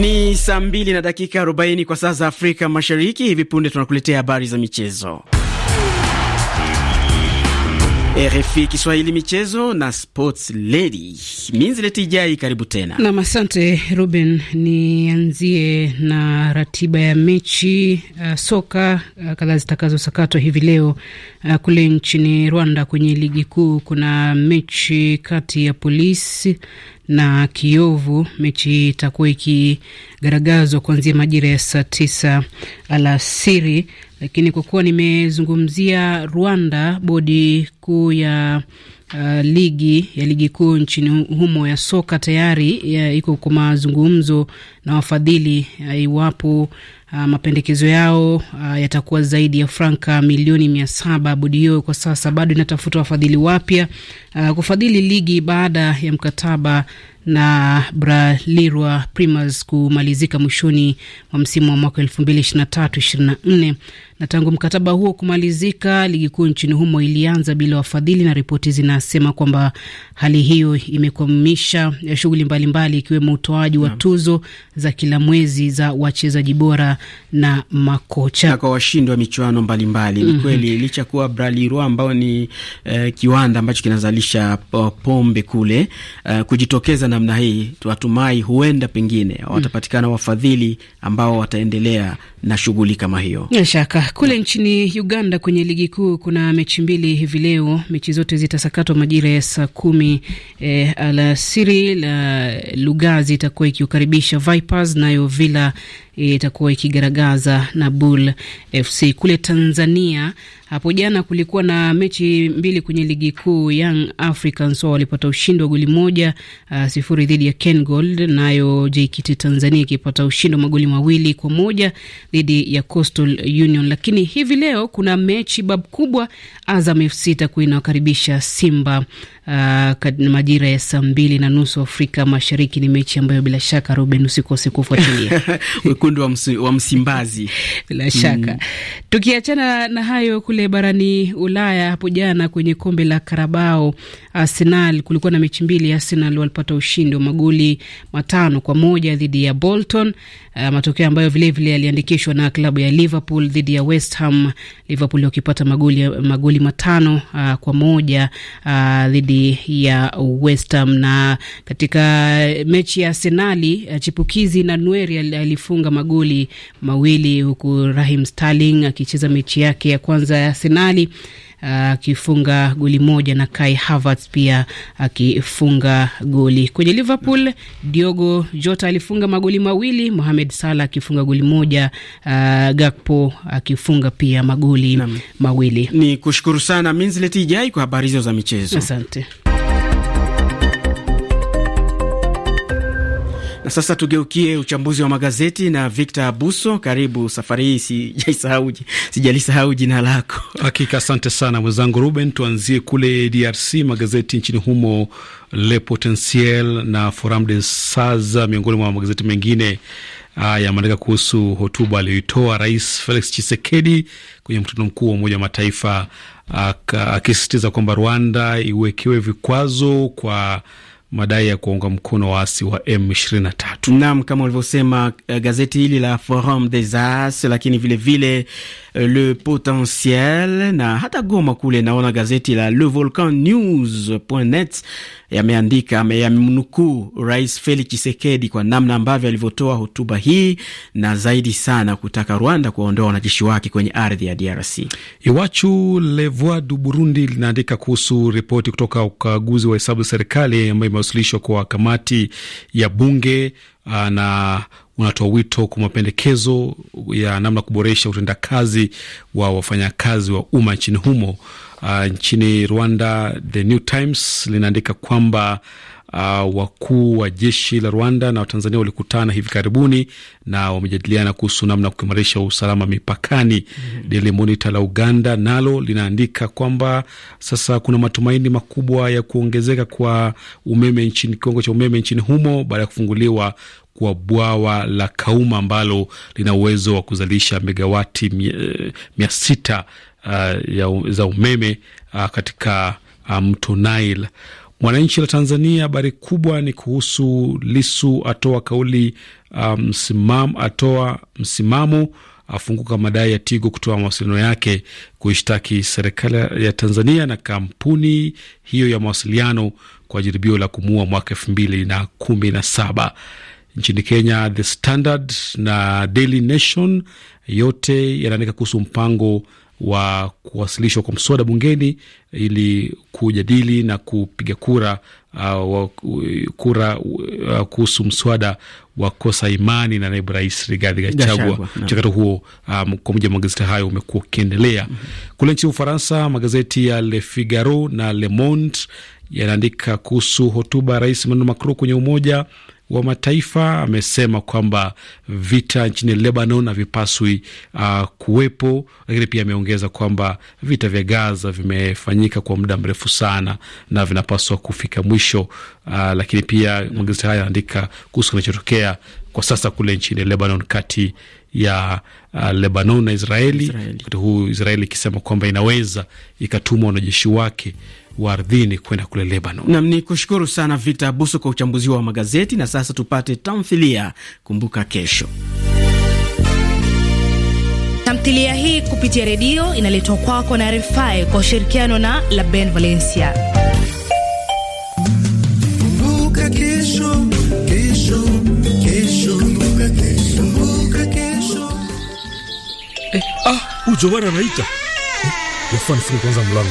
Ni saa mbili na dakika 40 kwa saa za Afrika Mashariki. Hivi punde tunakuletea habari za michezo. RFI Kiswahili michezo na sports lady Minziletijai, karibu tena nam. Asante Ruben, nianzie na ratiba ya mechi uh, soka uh, kadhaa zitakazosakatwa hivi leo uh, kule nchini Rwanda kwenye ligi kuu. Kuna mechi kati ya polisi na Kiovu. Mechi itakuwa ikigaragazwa kuanzia majira ya saa tisa alasiri, lakini kwa kuwa nimezungumzia Rwanda, bodi kuu ya Uh, ligi ya ligi kuu nchini humo ya soka tayari iko kwa mazungumzo na wafadhili uh, iwapo Uh, mapendekezo yao uh, yatakuwa zaidi ya franka milioni mia saba. Bodi hiyo kwa sasa bado inatafuta wafadhili wapya uh, kufadhili ligi baada ya mkataba na Bralirwa Primers kumalizika mwishoni mwa msimu wa mwaka 2023/24 na tangu mkataba huo kumalizika, ligi kuu nchini humo ilianza bila wafadhili, na ripoti zinasema kwamba hali hiyo imekwamisha shughuli mbalimbali ikiwemo utoaji wa tuzo za kila mwezi za wachezaji bora na makocha na kwa washindi wa michuano mbalimbali mbali. Mm -hmm. kweli licha kuwa Bralirwa ambao ni eh, kiwanda ambacho kinazalisha eh, pombe kule eh, kujitokeza namna hii, tuatumai huenda pengine mm. watapatikana wafadhili ambao wataendelea na shughuli kama hiyo. Bila shaka kule nchini Uganda kwenye ligi kuu kuna mechi mbili hivi leo. Mechi zote zitasakatwa majira ya saa kumi eh, alasiri. La Lugazi itakuwa ikiukaribisha Vipers, nayo Villa itakuwa ikigaragaza na Bull FC. Kule Tanzania hapo jana kulikuwa na mechi mbili kwenye ligi kuu. Young Africans wao walipata ushindi wa goli moja uh, sifuri dhidi ya KenGold, nayo JKT Tanzania ikipata ushindi wa magoli mawili kwa moja dhidi ya Coastal Union. Lakini hivi leo kuna mechi bab kubwa, Azam FC itakuwa inawakaribisha Simba uh, majira ya saa mbili na nusu Afrika Mashariki. Ni mechi ambayo bila shaka Ruben usikose kufuatilia wekundu wa, msi, wa Msimbazi bila shaka mm. Tukiachana na hayo, kule barani Ulaya hapo jana kwenye kombe la Karabao, Arsenal kulikuwa na mechi mbili. Arsenal walipata ushindi wa magoli matano kwa moja dhidi ya Bolton, uh, matokeo ambayo vilevile yaliandikishwa na klabu ya Liverpool dhidi ya West Ham, Liverpool wakipata magoli, magoli matano uh, kwa moja uh, dhidi ya West Ham. Na katika mechi ya Arsenali uh, chipukizi na Nweri alifunga magoli mawili huku rahim Sterling akicheza mechi yake ya kwanza ya senali akifunga uh, goli moja na Kai Havertz pia akifunga goli. Kwenye Liverpool, Diogo Jota alifunga magoli mawili, Mohamed Salah akifunga goli moja, uh, Gakpo akifunga pia magoli mawili. Ni kushukuru sana Minzleti Ijai kwa habari hizo za michezo, asante. Sasa tugeukie uchambuzi wa magazeti na Victor Abuso. Karibu, safari hii sijaisahau, sijalisahau jina lako. Hakika, asante sana mwenzangu Ruben. Tuanzie kule DRC, magazeti nchini humo, Le Potentiel na Forum de Saza miongoni mwa magazeti mengine ah, yameandika kuhusu hotuba aliyoitoa Rais Felix Tshisekedi kwenye mkutano mkuu wa Umoja wa Mataifa, akisisitiza kwamba Rwanda iwekewe vikwazo kwa madai ya kuwaunga mkono waasi wa M23. Naam, kama ulivyosema, uh, gazeti hili la Forum des As, lakini vilevile vile, Euh, le potentiel na hata Goma kule, naona gazeti la Le Volcan News.net yameandika yamemnukuu Rais Felix Tshisekedi kwa namna ambavyo alivyotoa hotuba hii na zaidi sana kutaka Rwanda kuondoa wanajeshi wake kwenye ardhi ya DRC. Iwachu Le Voix du Burundi linaandika kuhusu ripoti kutoka ukaguzi wa hesabu serikali ambayo imewasilishwa kwa kamati ya bunge ah, na unatoa wito kwa mapendekezo ya namna kuboresha utendakazi wa wafanyakazi wa umma nchini humo. Uh, nchini Rwanda, The New Times linaandika kwamba Uh, wakuu wa jeshi la Rwanda na Watanzania walikutana hivi karibuni na wamejadiliana kuhusu namna ya kuimarisha usalama mipakani. mm -hmm. Daily Monitor la Uganda nalo linaandika kwamba sasa kuna matumaini makubwa ya kuongezeka kwa umeme nchini, kiwango cha umeme nchini humo baada ya kufunguliwa kwa bwawa la Kauma ambalo lina uwezo wa kuzalisha megawati mia eh, sita uh, za umeme uh, katika uh, mto Nile. Mwananchi la Tanzania, habari kubwa ni kuhusu Lisu atoa kauli uh, msimam, atoa msimamo afunguka madai ya Tigo kutoa mawasiliano yake kuishtaki serikali ya Tanzania na kampuni hiyo ya mawasiliano kwa jaribio la kumuua mwaka elfu mbili na kumi na saba nchini Kenya, The Standard na Daily Nation yote yanaandika kuhusu mpango wa kuwasilishwa kwa mswada bungeni ili kujadili na kupiga kura uh, kura uh, kuhusu mswada wa kosa imani na naibu rais Rigathi Gachagua. Mchakato huo um, kwa mujibu wa magazeti hayo umekuwa ukiendelea mm -hmm. Kule nchini Ufaransa, magazeti ya Le Figaro na Le Monde yanaandika kuhusu hotuba ya rais Emmanuel Macron kwenye Umoja wa Mataifa amesema kwamba vita nchini Lebanon havipaswi uh, kuwepo, lakini pia ameongeza kwamba vita vya Gaza vimefanyika kwa muda mrefu sana na vinapaswa kufika mwisho. Uh, lakini pia magazeti haya yanaandika kuhusu kinachotokea kwa sasa kule nchini Lebanon kati ya uh, Lebanon na Israeli, wakati huu Israeli ikisema kwamba inaweza ikatumwa wanajeshi wake wa ardhini kwenda kule Lebanon. Nam ni kushukuru sana Victor Abuso kwa uchambuzi wa magazeti, na sasa tupate tamthilia. Kumbuka kesho tamthilia hii kupitia redio inaletwa kwako na RFI kwa ushirikiano na La Ben Valencia. Kumbuka kesho, kesho, kesho, kumbuka kesho, kumbuka kesho. Eh, ah, naita. Eh, kwanza mlango.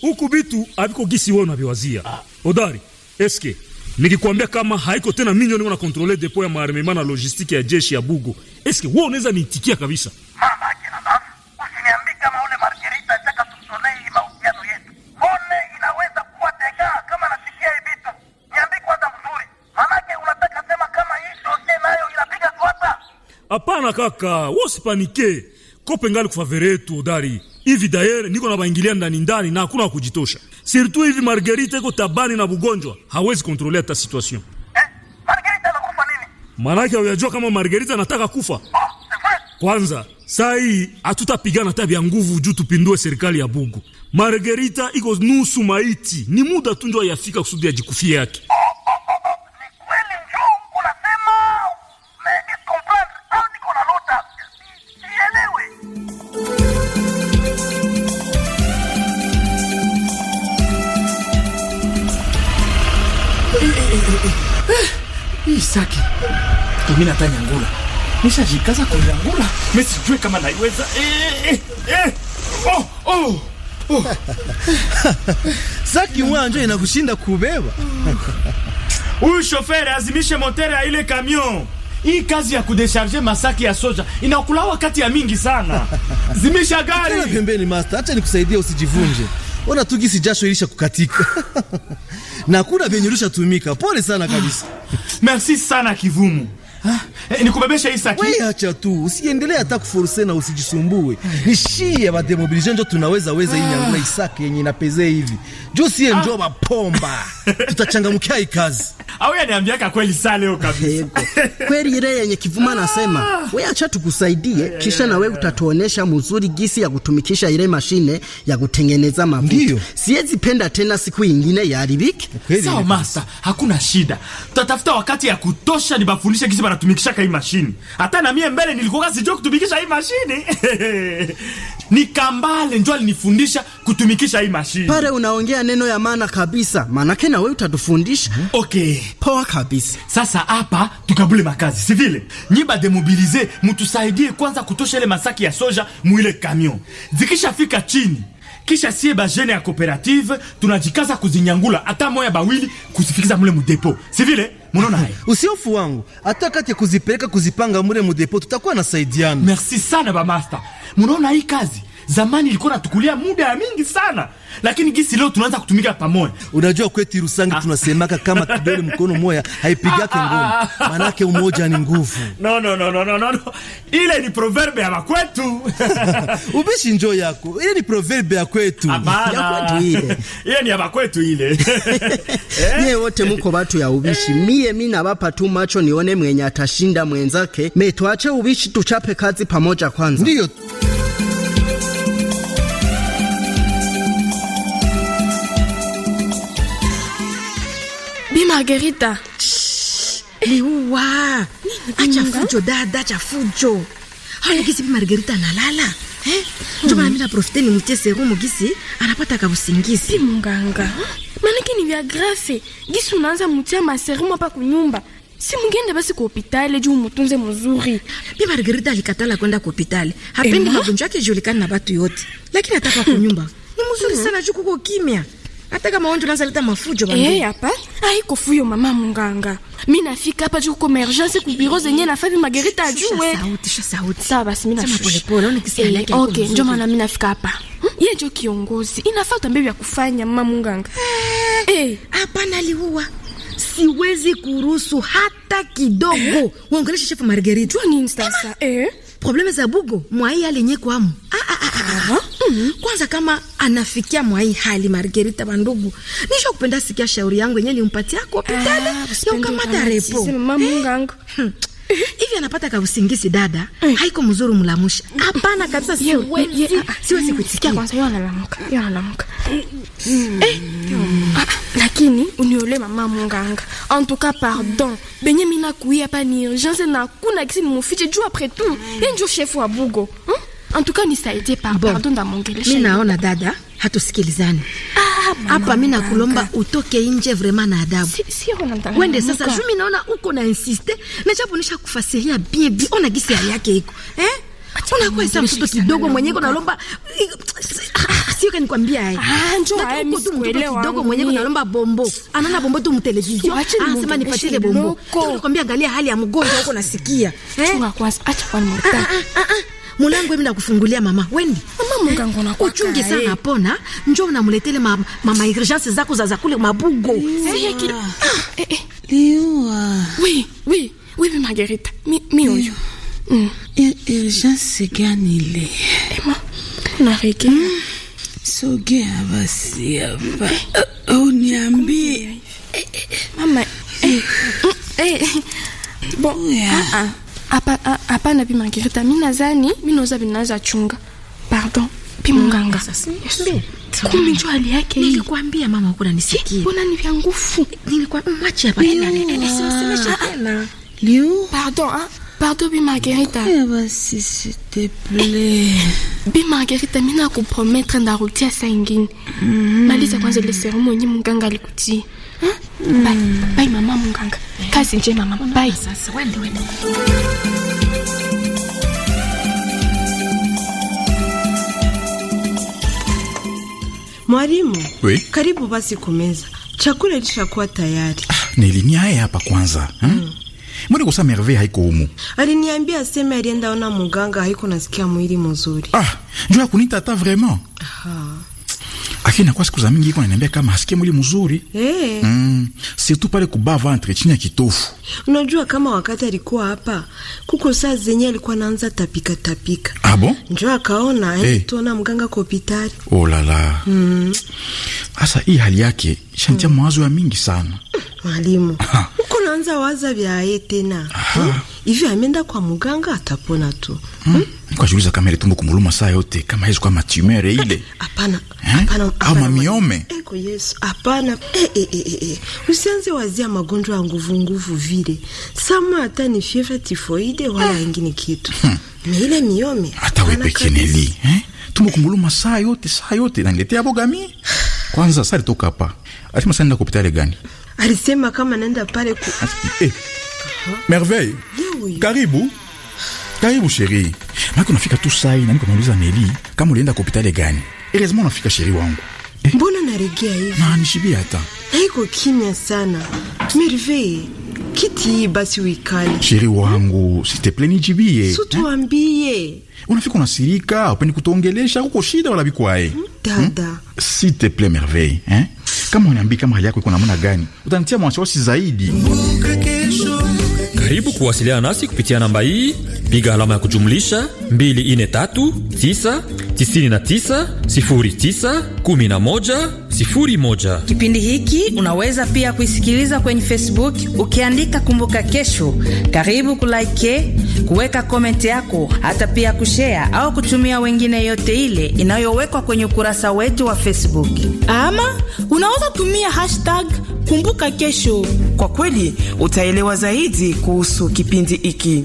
huku bitu haviko gisi wewe unaviwazia. Odari, eske nikikwambia kama haiko tena minyo niko na controller depo ya maarmema na logistique ya jeshi ya Bugo, eske wewe unaweza niitikia kabisa? Mama akina usiniambi kama ule Margarita ataka mahusiano yetu. inaweza kuwa tega kama nasikia Niambi kwanza mzuri. Manake unataka sema kama hii nayo inapiga kwata? Hapana kaka, usipanike. Kopengali kufavere etu Odari hivi dayere niko na baingilia ndani ndani na hakuna kujitosha. Surtout hivi Margarita iko tabani na bugonjwa, hawezi kontrolea ta situation. Eh, Margarita anakufa nini? Maanake huyajua kama Margarita anataka kufa. Oh, kwanza saa hii hatutapigana hata vya nguvu juu tupindue serikali ya Bugu. Margarita iko nusu maiti, ni muda tu ndio yafika kusudi ajikufie yake. Oh. Eh, eh, eh. isaki imi natanyangula nishajikaza kunyangula mesijue kama naiweza eh, eh. Oh, oh. Oh. Zaki mwanje inakushinda kubeba. Huyu shofere azimishe motere ya ile kamion. Hii kazi ya kudesharge masaki ya soja inakula wakati ya mingi sana. Zimisha gari. Kana pembeni master, acha nikusaidie usijivunje. Ona tu gisi jasho ilisha kukatika na kuna vyenye ulishatumika. Pole sana kabisa. Merci sana Kivumu. Ah, eh, nikubebeshe hii saki. Wewe acha tu, usiendelee hata kuforce na usijisumbue. Ni Nishie ba demobilize ndio tunaweza weza hii nyangula isaki yenye inapezea hivi. Juu sie ah, ndio mapomba. Tutachangamkia hii kazi. Au yeye aniambia ka kweli saa leo kabisa. Kweli ile yenye kivuma anasema, ah. wewe acha tukusaidie kisha na wewe utatuonesha mzuri gisi ya kutumikisha ile mashine ya kutengeneza mafuta. Siwezi penda tena siku nyingine ya haribiki. Sawa masa, hakuna shida. Tutatafuta wakati ya kutosha nibafundishe gisi banatumikisha kutumikaka hii mashini. Hata na mie mbele nilikuwa sijua kutumikisha hii mashini ni Kambale njo alinifundisha kutumikisha hii mashini. Pare, unaongea neno ya maana kabisa, maanake na wewe utatufundisha. mm -hmm. Okay, poa kabisa. Sasa hapa tukabule makazi, si vile nyiba demobilize, mutusaidie kwanza kutosha ile masaki ya soja mwile kamion, zikishafika chini kisha sie bajene ya kooperative tunajikaza kuzinyangula hata moya bawili kusifikiza mule mudepo, si vile Munaona Usiofu wangu hata kati ya kuzipeleka kuzipanga mure mu depo na nasaidiana. Merci sana ba master. Munaona hii kazi Zamani ilikuwa natukulia muda ya mingi sana, lakini gisi leo tunaanza kutumika pamoja. Unajua kwetu Rusangi ah, tunasemaka kama kidole mkono moja haipigake ah, ah, ngumu, ah, manake umoja ni nguvu. No, no, no, no, no, no, ile ni proverbe ya makwetu ubishi njo yako, ile ni proverbe ya kwetu ya kwetu ile ile ni ya makwetu ile eh? yeye wote muko watu ya ubishi. Eh? Mie mimi nabapa tu macho nione mwenye atashinda mwenzake. Metwache ubishi, tuchape kazi pamoja kwanza, ndio Margarita, liua acha fujo dada, acha fujo haona gisi bi Margarita analala eh? Njo hmm. maana profite ni mtie serumu gisi anapata kausingizi. Si munganga, maanake ni vya grave gisi unaanza ma serumu hapa kunyumba si mungende basi kwa hopitali juu mutunze mzuri. Bi Margarita alikatala kwenda kwa hopitali, hapendi magonjwa yake julikana na batu yote, lakini ataka kunyumba ni mzuri sana juu kuko kimya hata kama wewe unazaleta mafujo bambi. Eh, hapa. Ai kufuyo mama munganga. Mimi nafika hapa juu kwa emergency ku bureau zenye na nafanya Margarita ajue. Sauti, sha sauti. Sawa basi mimi nafika. Pole pole, uone kisa yake. Eh, okay, ndio maana mimi nafika hapa. Hmm? Yeye ndio kiongozi. Inafaa utambe vya kufanya mama munganga. Eh, eh. hapa naliua. Siwezi kuruhusu hata kidogo. Waongeleshe eh? chef Margarita. Tu ni instance. Eh? probleme za Bugo Mwai alenye kwamu ah, ah, ah, ah. Mm. Kwanza kama anafikia Mwai hali Margerita bandugu, nisho kupenda sikia shauri yangu yenye limpatia kwa pitada ah, ya ukamata repo. Mama mungangu. Eh hivi anapata ka usingizi dada, eh. haiko mzuri mlamusha. Hapana kabisa, siwezi, ah, siwezi Kwanza yeye analamuka, yeye analamuka eh, ah, lakini uniole mama munganga, en tout cas pardon benye mina kuia pa ni urgence na kuna kisi mufiche juu, après tout yeye ndio chef wa bugo hmm? Antuka nisaidie pa, bon. Pardon ndamongelesha. Mimi naona dada hatusikilizani. Ah, hapa mimi nakulomba utoke nje vraiment na adabu. Si, si wende sasa jumi mimi naona uko na insiste na japo nisha kufasiria bien bien. Ona gisi hali yake iko. Eh? Unakuwa sasa mtoto kidogo mwenye mwenyeko nalomba ah, sio kani kwambia eh. Ah, njoo haya mimi sikuelewa. Kidogo mwenyeko nalomba bombo. Anaona bombo tu mtelevizio. Anasema nipatie ile bombo. Tunakwambia angalia hali ya mgonjwa huko nasikia. Eh? Chunga kwanza acha kwa ah, ah, mtaka mulango emi nakufungulia mama wendi mama eh, uchunge sana Pona njo unamletele mama, mama urgence zako za kule mabugo ah, eh, eh. liwa mi mi oyo urgence mm. eh, gani le ema na sogea basi hapa au mama eh, eh, eh bon hapana apa, apa bimagerita mi nazani mi nauza vinaza chunga pardon pimunganga mm, kumbe njo hali yake hii. Nilikwambia mama kuna nisikie. Mbona ni vya nguvu? Nilikwambia mwache mm, hapa. Nisimsemeshe ah, ah. tena. Liu. Pardon, ah. Pardon Bi Margarita. Eh basi s'il Bi Margarita, mimi nakupromettre ndarudia saa ingine. Mm. Maliza kwanza ile serumu yenye alikutia. Mm. Bye. mama munganga. Yeah. Kazi njema mama. Bye. Sasa wende wende. Mwalimu, we? Karibu basi kumeza. Chakula ilishakuwa tayari. Ah, nilinia hapa kwanza. Hmm? Mm. Mbona kosa Merve haiko humu? Aliniambia aseme alienda ona muganga haiko nasikia mwili mzuri. Ah, njoo kunita ta vraiment. Aha. Lakini nakuwa siku za mingi iko ananiambia kama asikie mwili mzuri. hey. Eh. Mm. Si tu pale kubaa ventre chini ya kitofu. Unajua kama wakati alikuwa hapa kuko saa zenye alikuwa naanza tapika tapika. abo ah, njo akaona hey. Eh, eh. tuona mganga kwa hospitali. Oh la la. Mm. Asa hii hali yake shantia mm. mawazo mm. ya mingi sana. Mm, mwalimu. Uko naanza waza vya yeye tena. Hmm? hivi ameenda kwa muganga atapona tu hmm? hmm? Nikajiuliza kama ile tumbo kumuluma saa yote kama hizo kwa matumere eh, ile. Hapana, eh? hapana. Au mamiome? Eko Yesu, hapana. Eh, eh eh eh eh. Usianze wazia magonjwa ya nguvu nguvu vile. Sama hata ni fever tifoide wala hmm. ingine kitu. hmm. Ni ile miome. Hata wewe kineli, eh? Tumbo kumuluma saa yote, saa yote naniletea boga mimi. Kwanza sasa toka hapa. Alisema sasa nenda kupitale gani? Alisema kama naenda pale ku eh. Merveille huyu? Karibu karibu sheri, maki unafika tu sai niko nauliza Neli kama ulienda kwa hospitali gani? Elezima nafika sheri wangu eh? Mbona naregea hivi na nishibi hata haiko kimya sana Merve kiti basi uikali sheri wangu s'il te plaît ni jibie. sutuambie eh? Unafika na sirika, upeni kutongelesha huko shida wala bikwae hmm, dada hmm? plaît Merveille eh? Kama unaniambia kama hali yako iko namna gani utanitia mwasiwasi zaidi Mbukake. Karibu kuwasiliana nasi kupitia namba hii, piga alama ya kujumlisha 243 99 Kipindi hiki unaweza pia kuisikiliza kwenye Facebook ukiandika Kumbuka Kesho. Karibu kulaike kuweka komenti yako, hata pia kushea au kutumia wengine, yote ile inayowekwa kwenye ukurasa wetu wa Facebook. Ama unaweza tumia hashtag Kumbuka Kesho. Kwa kweli utaelewa zaidi kuhusu kipindi hiki.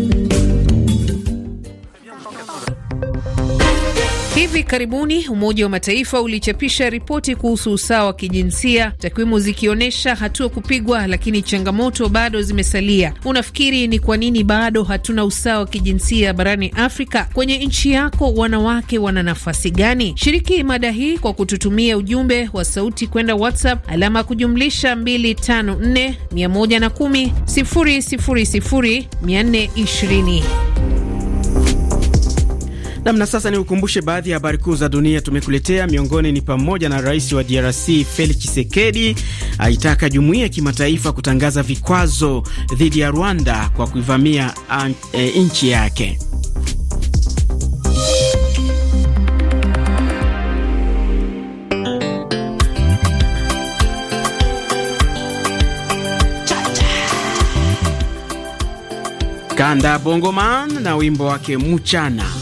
Hivi karibuni Umoja wa Mataifa ulichapisha ripoti kuhusu usawa wa kijinsia, takwimu zikionyesha hatua kupigwa, lakini changamoto bado zimesalia. Unafikiri ni kwa nini bado hatuna usawa wa kijinsia barani Afrika? Kwenye nchi yako wanawake wana nafasi gani? Shiriki mada hii kwa kututumia ujumbe wa sauti kwenda WhatsApp alama kujumlisha 254 110 000 420. Namna sasa, ni ukumbushe baadhi ya habari kuu za dunia tumekuletea. Miongoni ni pamoja na rais wa DRC Felix Tshisekedi aitaka jumuiya ya kimataifa kutangaza vikwazo dhidi ya Rwanda kwa kuivamia e, nchi yake. Kanda Bongoman na wimbo wake Mchana.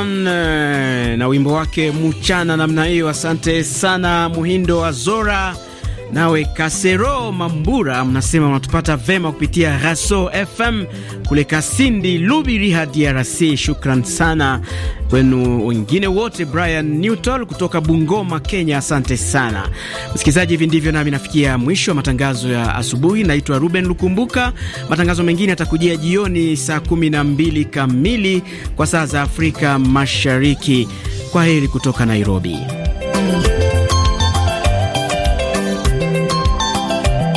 One eh, na wimbo wake mchana namna hiyo. Asante sana Muhindo Azora. Nawe Kasero Mambura mnasema mnatupata vema kupitia Raso FM kule Kasindi Lubiriha, DRC. Shukran sana kwenu wengine wote. Brian Newtol kutoka Bungoma, Kenya, asante sana msikilizaji. Hivi ndivyo nami nafikia mwisho wa matangazo ya asubuhi. Naitwa Ruben Lukumbuka. Matangazo mengine yatakujia jioni saa 12 kamili kwa saa za Afrika Mashariki. Kwa heri kutoka Nairobi.